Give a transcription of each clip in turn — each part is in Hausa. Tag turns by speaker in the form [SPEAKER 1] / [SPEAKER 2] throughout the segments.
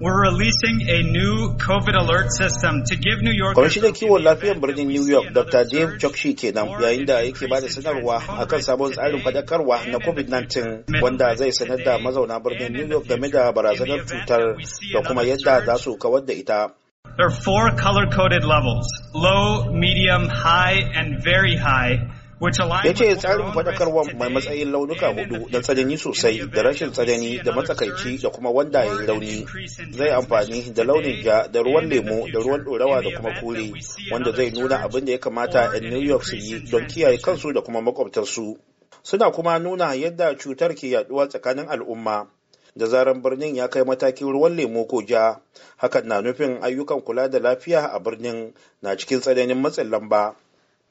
[SPEAKER 1] We're releasing a new COVID alert system to give New York. Kwamishinan
[SPEAKER 2] kiwon lafiyar birnin New York, Dr. Dave Chokshi kenan yayin da yake ba da sanarwa akan sabon tsarin fadakarwa na COVID-19 wanda zai sanar da mazauna birnin New York game da barazanar cutar da kuma yadda za su kawar da ita. There are four color-coded levels, low, medium, high, and very high. ya ce tsarin faɗakarwar mai matsayin launuka hudu da tsanani sosai da rashin tsanani da matsakaici da kuma wanda ya yi rauni zai amfani da launin ja da ruwan lemo da ruwan ɗorawa da kuma kore wanda zai nuna abin da ya kamata 'yan new york su yi don kiyaye kansu da kuma makwabtarsu suna kuma nuna yadda cutar ke yaduwa tsakanin al'umma da zaran birnin ya kai matakin ruwan lemo ko ja hakan na nufin ayyukan kula da lafiya a birnin na cikin tsananin matsin lamba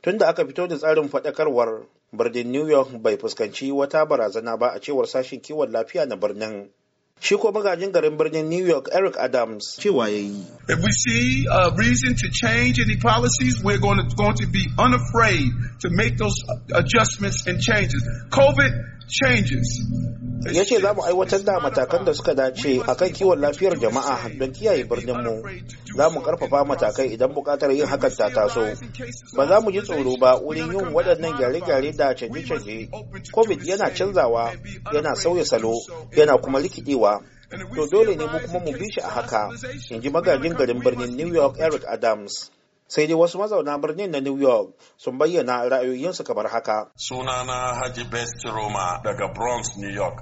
[SPEAKER 2] tun da aka fito da tsarin faɗakarwar birnin new york bai fuskanci wata barazana ba a cewar sashen kiwon lafiya na birnin shi ko magajin garin birnin New York
[SPEAKER 1] Eric Adams cewa ya yi. If we see a reason to change any policies, we're going to, going to be unafraid to make those adjustments and changes. COVID changes.
[SPEAKER 2] ya ce za mu aiwatar da matakan da suka dace a kan kiwon lafiyar jama'a don kiyaye birninmu za mu karfafa matakai idan bukatar yin hakan ta taso ba za mu ji tsoro ba wurin yin waɗannan gyare-gyare da canje-canje covid yana canzawa yana sauya salo yana kuma rikidewa to dole ne mu kuma mu bi shi a haka in ji magajin garin birnin new york eric adams sai dai wasu mazauna birnin na new york sun bayyana ra'ayoyinsu kamar haka
[SPEAKER 3] sunana haji best roma daga bronx new york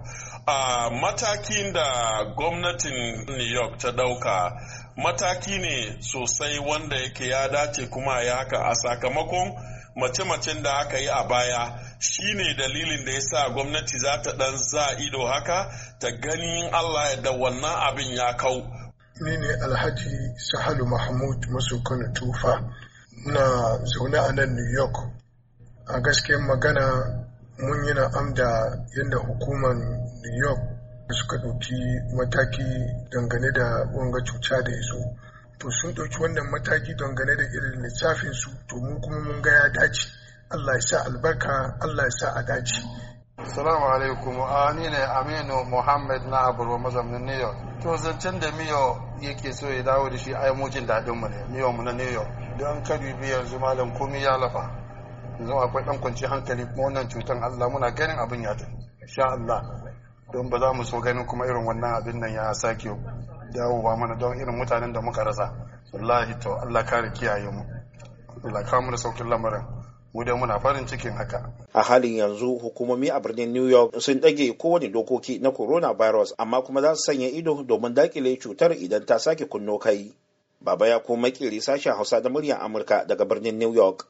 [SPEAKER 3] a matakin da gwamnatin new york ta dauka mataki ne sosai wanda yake ya dace kuma ya haka a sakamakon mace-macen da aka yi a baya Shi ne dalilin da ya sa gwamnati za ta dan za ido haka ta ganin allah da wannan abin ya kau
[SPEAKER 1] ni ne alhaji sahalu mahmud kano tufa na zaune a nan new york a gaskiyar magana mun yi na amda yadda hukumar new york suka ɗauki mataki dangane da wanga cuta da iso to sun ɗauki wannan mataki dangane da irin lissafin su to mu kuma mun ga ya dace allah ya sa albarka allah ya sa a dace Salamu
[SPEAKER 4] alaikum ni ne aminu muhammad na abu mazaunin new york to zancen da miyo yake so ya dawo da shi a mu jin daɗin mu ne miyo mu na new york don ka dubi yanzu malam komi ya lafa yanzu akwai ɗan kwanci hankali kuma wannan cutan Allah muna ganin abin ya ta sha Allah don ba za mu so ganin kuma irin wannan abin nan ya sake dawowa mana don irin mutanen da muka rasa wallahi to Allah kare kiyaye mu Allah kamar da saukin lamarin mu da muna farin cikin haka.
[SPEAKER 2] A halin yanzu hukumomi a birnin New York sun ɗage kowane dokoki na coronavirus amma kuma za su sanya ido domin dakile cutar idan ta sake kunno kai. Baba ya kuma makiri sashen Hausa da muryar Amurka daga birnin New York.